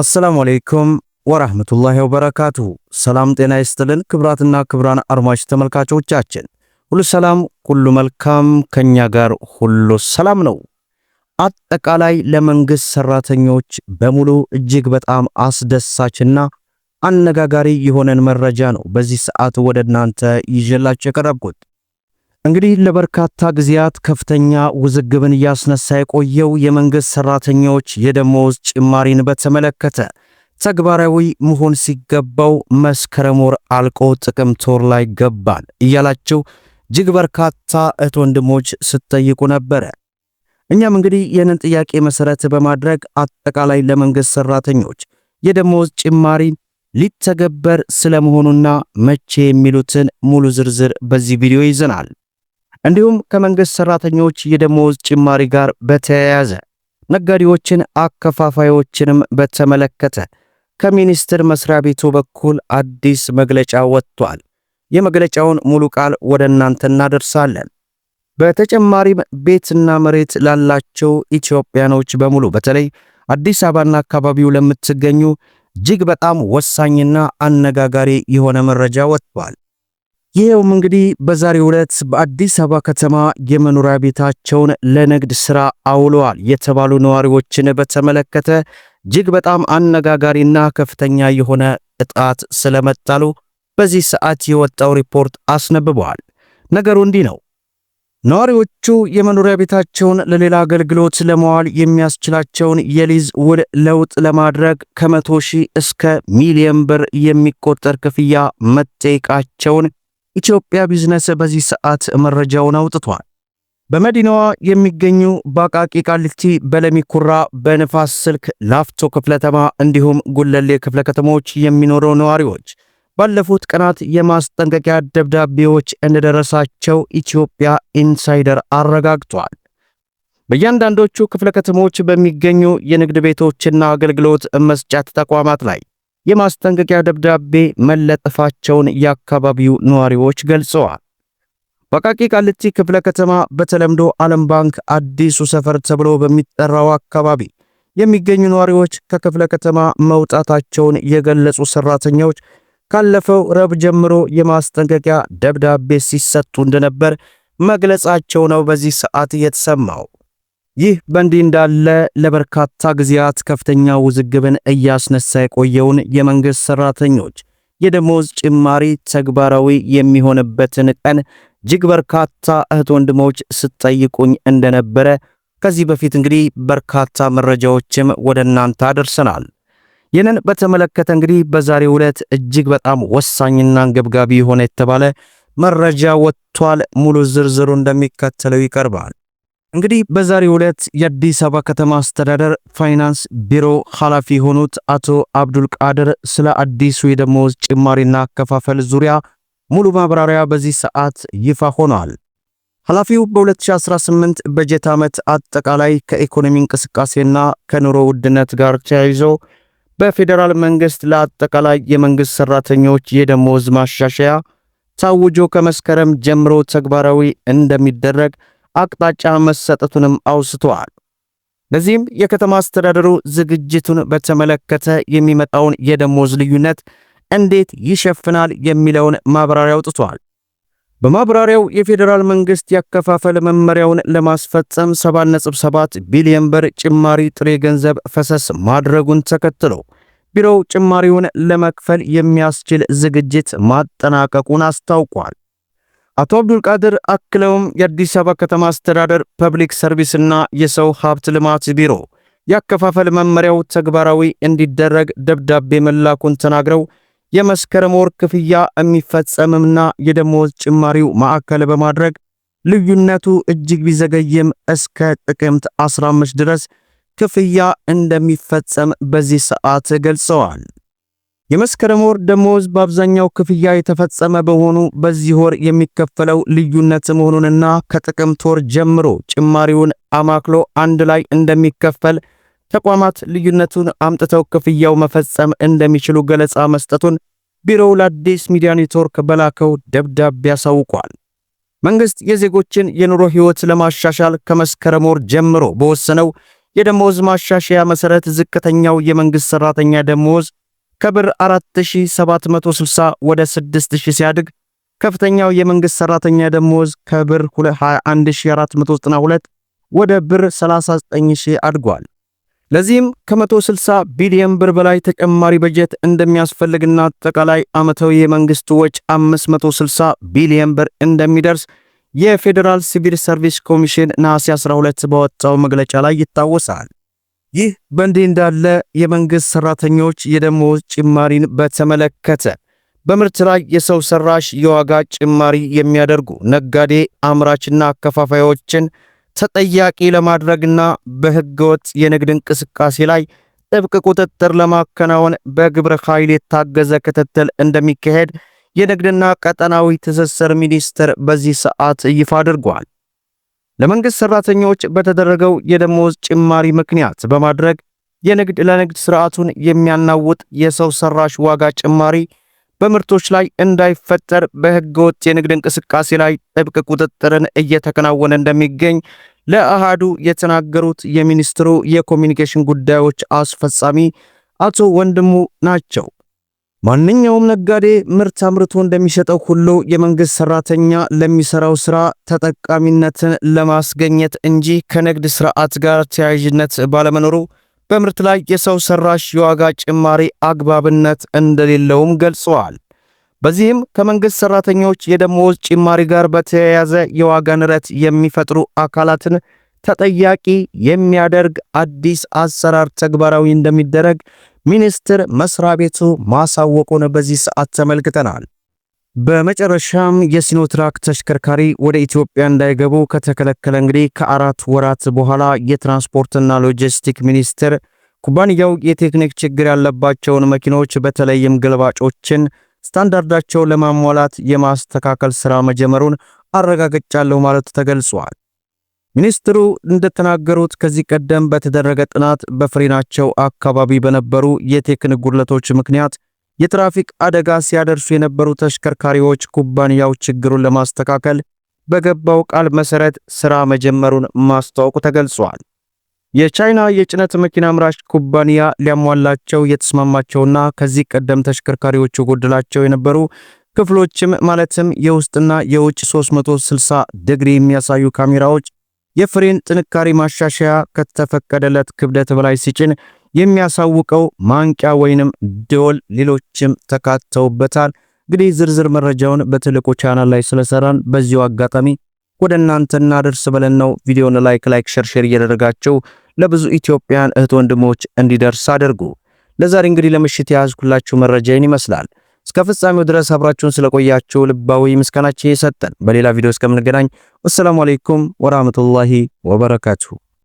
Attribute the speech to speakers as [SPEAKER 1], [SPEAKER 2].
[SPEAKER 1] አሰላሙ አሌይኩም ወራህመቱላሂ ወበረካቱሁ። ሰላም ጤና ይስጥልን። ክብራትና ክብራን አድማጭ ተመልካቾቻችን ሁሉ ሰላም፣ ሁሉ መልካም፣ ከኛ ጋር ሁሉ ሰላም ነው። አጠቃላይ ለመንግስት ሰራተኞች በሙሉ እጅግ በጣም አስደሳችና አነጋጋሪ የሆነን መረጃ ነው በዚህ ሰዓት ወደ እናንተ ይዤላችሁ የቀረብኩት። እንግዲህ ለበርካታ ጊዜያት ከፍተኛ ውዝግብን እያስነሳ የቆየው የመንግሥት ሠራተኞች የደሞዝ ጭማሪን በተመለከተ ተግባራዊ መሆን ሲገባው መስከረም ወር አልቆ ጥቅምት ወር ላይ ገባል እያላቸው እጅግ በርካታ እህት ወንድሞች ስትጠይቁ ነበረ። እኛም እንግዲህ ይህንን ጥያቄ መሠረት በማድረግ አጠቃላይ ለመንግሥት ሠራተኞች የደሞዝ ጭማሪ ሊተገበር ስለመሆኑና መቼ የሚሉትን ሙሉ ዝርዝር በዚህ ቪዲዮ ይዘናል። እንዲሁም ከመንግስት ሰራተኞች የደሞዝ ጭማሪ ጋር በተያያዘ ነጋዴዎችን፣ አከፋፋዮችንም በተመለከተ ከሚኒስቴር መስሪያ ቤቱ በኩል አዲስ መግለጫ ወጥቷል። የመግለጫውን ሙሉ ቃል ወደ እናንተ እናደርሳለን። በተጨማሪም ቤትና መሬት ላላቸው ኢትዮጵያኖች በሙሉ በተለይ አዲስ አበባና አካባቢው ለምትገኙ እጅግ በጣም ወሳኝና አነጋጋሪ የሆነ መረጃ ወጥቷል። ይኸውም እንግዲህ በዛሬው ዕለት በአዲስ አበባ ከተማ የመኖሪያ ቤታቸውን ለንግድ ስራ አውለዋል የተባሉ ነዋሪዎችን በተመለከተ እጅግ በጣም አነጋጋሪና ከፍተኛ የሆነ እጣት ስለመጣሉ በዚህ ሰዓት የወጣው ሪፖርት አስነብበዋል። ነገሩ እንዲህ ነው። ነዋሪዎቹ የመኖሪያ ቤታቸውን ለሌላ አገልግሎት ለመዋል የሚያስችላቸውን የሊዝ ውል ለውጥ ለማድረግ ከመቶ ሺህ እስከ ሚሊዮን ብር የሚቆጠር ክፍያ መጠየቃቸውን ኢትዮጵያ ቢዝነስ በዚህ ሰዓት መረጃውን አውጥቷል። በመዲናዋ የሚገኙ በአቃቂ ቃሊቲ፣ በለሚ ኩራ፣ በንፋስ ስልክ፣ ላፍቶ ክፍለ ከተማ እንዲሁም ጉለሌ ክፍለ ከተሞች የሚኖሩ ነዋሪዎች ባለፉት ቀናት የማስጠንቀቂያ ደብዳቤዎች እንደደረሳቸው ኢትዮጵያ ኢንሳይደር አረጋግጧል። በእያንዳንዶቹ ክፍለ ከተሞች በሚገኙ የንግድ ቤቶችና አገልግሎት መስጫት ተቋማት ላይ የማስጠንቀቂያ ደብዳቤ መለጠፋቸውን የአካባቢው ነዋሪዎች ገልጸዋል። በቃቂ ቃሊቲ ክፍለ ከተማ በተለምዶ ዓለም ባንክ አዲሱ ሰፈር ተብሎ በሚጠራው አካባቢ የሚገኙ ነዋሪዎች ከክፍለ ከተማ መውጣታቸውን የገለጹ ሰራተኞች ካለፈው ረብ ጀምሮ የማስጠንቀቂያ ደብዳቤ ሲሰጡ እንደነበር መግለጻቸው ነው በዚህ ሰዓት የተሰማው። ይህ በእንዲህ እንዳለ ለበርካታ ጊዜያት ከፍተኛ ውዝግብን እያስነሳ የቆየውን የመንግሥት ሠራተኞች የደሞዝ ጭማሪ ተግባራዊ የሚሆንበትን ቀን እጅግ በርካታ እህት ወንድሞች ስትጠይቁኝ እንደነበረ ከዚህ በፊት እንግዲህ በርካታ መረጃዎችም ወደ እናንተ አደርሰናል። ይህንን በተመለከተ እንግዲህ በዛሬው ዕለት እጅግ በጣም ወሳኝና አንገብጋቢ የሆነ የተባለ መረጃ ወጥቷል። ሙሉ ዝርዝሩ እንደሚከተለው ይቀርባል። እንግዲህ በዛሬው ዕለት የአዲስ አበባ ከተማ አስተዳደር ፋይናንስ ቢሮ ኃላፊ የሆኑት አቶ አብዱል ቃድር ስለ አዲሱ የደሞዝ ጭማሪና አከፋፈል ዙሪያ ሙሉ ማብራሪያ በዚህ ሰዓት ይፋ ሆኗል። ኃላፊው በ2018 በጀት ዓመት አጠቃላይ ከኢኮኖሚ እንቅስቃሴና ከኑሮ ውድነት ጋር ተያይዞ በፌዴራል መንግስት ለአጠቃላይ የመንግስት ሰራተኞች የደሞዝ ማሻሻያ ታውጆ ከመስከረም ጀምሮ ተግባራዊ እንደሚደረግ አቅጣጫ መሰጠቱንም አውስተዋል። ለዚህም የከተማ አስተዳደሩ ዝግጅቱን በተመለከተ የሚመጣውን የደሞዝ ልዩነት እንዴት ይሸፍናል የሚለውን ማብራሪያ አውጥቷል። በማብራሪያው የፌዴራል መንግስት ያከፋፈል መመሪያውን ለማስፈጸም 7.7 ቢሊዮን ብር ጭማሪ ጥሬ ገንዘብ ፈሰስ ማድረጉን ተከትሎ ቢሮው ጭማሪውን ለመክፈል የሚያስችል ዝግጅት ማጠናቀቁን አስታውቋል። አቶ አብዱልቃድር አክለውም የአዲስ አበባ ከተማ አስተዳደር ፐብሊክ እና የሰው ሀብት ልማት ቢሮ የአከፋፈል መመሪያው ተግባራዊ እንዲደረግ ደብዳቤ መላኩን ተናግረው የመስከረም ወር ክፍያ የሚፈጸምምና የደሞዝ ጭማሪው ማዕከል በማድረግ ልዩነቱ እጅግ ቢዘገይም እስከ ጥቅምት 15 ድረስ ክፍያ እንደሚፈጸም በዚህ ሰዓት ገልጸዋል። የመስከረም ወር ደሞዝ በአብዛኛው ክፍያ የተፈጸመ በሆኑ በዚህ ወር የሚከፈለው ልዩነት መሆኑንና ከጥቅምት ወር ጀምሮ ጭማሪውን አማክሎ አንድ ላይ እንደሚከፈል ተቋማት ልዩነቱን አምጥተው ክፍያው መፈጸም እንደሚችሉ ገለጻ መስጠቱን ቢሮው ለአዲስ ሚዲያ ኔትወርክ በላከው ደብዳቤ አሳውቋል። መንግስት የዜጎችን የኑሮ ህይወት ለማሻሻል ከመስከረም ወር ጀምሮ በወሰነው የደሞዝ ማሻሻያ መሰረት ዝቅተኛው የመንግስት ሰራተኛ ደሞዝ ከብር 4760 ወደ 6000 ሲያድግ ከፍተኛው የመንግስት ሰራተኛ ደሞዝ ከብር 21492 ወደ ብር 39000 አድጓል። ለዚህም ከ160 ቢሊዮን ብር በላይ ተጨማሪ በጀት እንደሚያስፈልግና አጠቃላይ ዓመታዊ የመንግስት ወጪ 560 ቢሊዮን ብር እንደሚደርስ የፌዴራል ሲቪል ሰርቪስ ኮሚሽን ነሐሴ 12 በወጣው መግለጫ ላይ ይታወሳል። ይህ በእንዲህ እንዳለ የመንግሥት ሠራተኞች የደሞዝ ጭማሪን በተመለከተ በምርት ላይ የሰው ሰራሽ የዋጋ ጭማሪ የሚያደርጉ ነጋዴ አምራችና አከፋፋዮችን ተጠያቂ ለማድረግና በሕገወጥ የንግድ እንቅስቃሴ ላይ ጥብቅ ቁጥጥር ለማከናወን በግብረ ኃይል የታገዘ ክትትል እንደሚካሄድ የንግድና ቀጠናዊ ትስስር ሚኒስቴር በዚህ ሰዓት ይፋ አድርጓል። ለመንግስት ሰራተኞች በተደረገው የደሞዝ ጭማሪ ምክንያት በማድረግ የንግድ ለንግድ ስርዓቱን የሚያናውጥ የሰው ሰራሽ ዋጋ ጭማሪ በምርቶች ላይ እንዳይፈጠር በህገወጥ የንግድ እንቅስቃሴ ላይ ጥብቅ ቁጥጥርን እየተከናወነ እንደሚገኝ ለአሃዱ የተናገሩት የሚኒስትሩ የኮሚኒኬሽን ጉዳዮች አስፈጻሚ አቶ ወንድሙ ናቸው። ማንኛውም ነጋዴ ምርት አምርቶ እንደሚሸጠው ሁሉ የመንግስት ሰራተኛ ለሚሰራው ስራ ተጠቃሚነትን ለማስገኘት እንጂ ከንግድ ስርዓት ጋር ተያያዥነት ባለመኖሩ በምርት ላይ የሰው ሰራሽ የዋጋ ጭማሪ አግባብነት እንደሌለውም ገልጸዋል። በዚህም ከመንግስት ሰራተኞች የደሞዝ ጭማሪ ጋር በተያያዘ የዋጋ ንረት የሚፈጥሩ አካላትን ተጠያቂ የሚያደርግ አዲስ አሰራር ተግባራዊ እንደሚደረግ ሚኒስቴር መስሪያ ቤቱ ማሳወቁን በዚህ ሰዓት ተመልክተናል። በመጨረሻም የሲኖትራክ ተሽከርካሪ ወደ ኢትዮጵያ እንዳይገቡ ከተከለከለ እንግዲህ ከአራት ወራት በኋላ የትራንስፖርትና ሎጂስቲክ ሚኒስቴር ኩባንያው የቴክኒክ ችግር ያለባቸውን መኪኖች በተለይም ገልባጮችን ስታንዳርዳቸው ለማሟላት የማስተካከል ስራ መጀመሩን አረጋግጫለሁ ማለት ተገልጿል። ሚኒስትሩ እንደተናገሩት ከዚህ ቀደም በተደረገ ጥናት በፍሬናቸው አካባቢ በነበሩ የቴክኒክ ጉድለቶች ምክንያት የትራፊክ አደጋ ሲያደርሱ የነበሩ ተሽከርካሪዎች ኩባንያው ችግሩን ለማስተካከል በገባው ቃል መሰረት ስራ መጀመሩን ማስታወቁ ተገልጿል። የቻይና የጭነት መኪና አምራች ኩባንያ ሊያሟላቸው የተስማማቸውና ከዚህ ቀደም ተሽከርካሪዎቹ ጎደላቸው የነበሩ ክፍሎችም ማለትም የውስጥና የውጭ 360 ዲግሪ የሚያሳዩ ካሜራዎች የፍሬን ጥንካሬ ማሻሻያ ከተፈቀደለት ክብደት በላይ ሲጭን የሚያሳውቀው ማንቂያ ወይንም ደወል ሌሎችም ተካተውበታል። እንግዲህ ዝርዝር መረጃውን በትልቁ ቻናል ላይ ስለሰራን በዚሁ አጋጣሚ ወደ እናንተ እናደርስ ብለን ነው። ቪዲዮን ላይክ ላይክ ሼር ሼር እያደረጋችሁ ለብዙ ኢትዮጵያን እህት ወንድሞች እንዲደርስ አድርጉ። ለዛሬ እንግዲህ ለምሽት የያዝኩላችሁ መረጃ ይህን ይመስላል። እስከ ፍጻሜው ድረስ አብራችሁን ስለቆያችሁ ልባዊ ምስጋናችን የሰጠን። በሌላ ቪዲዮ እስከምንገናኝ ወሰላሙ አሌይኩም ወራህመቱላሂ ወበረካቱሁ።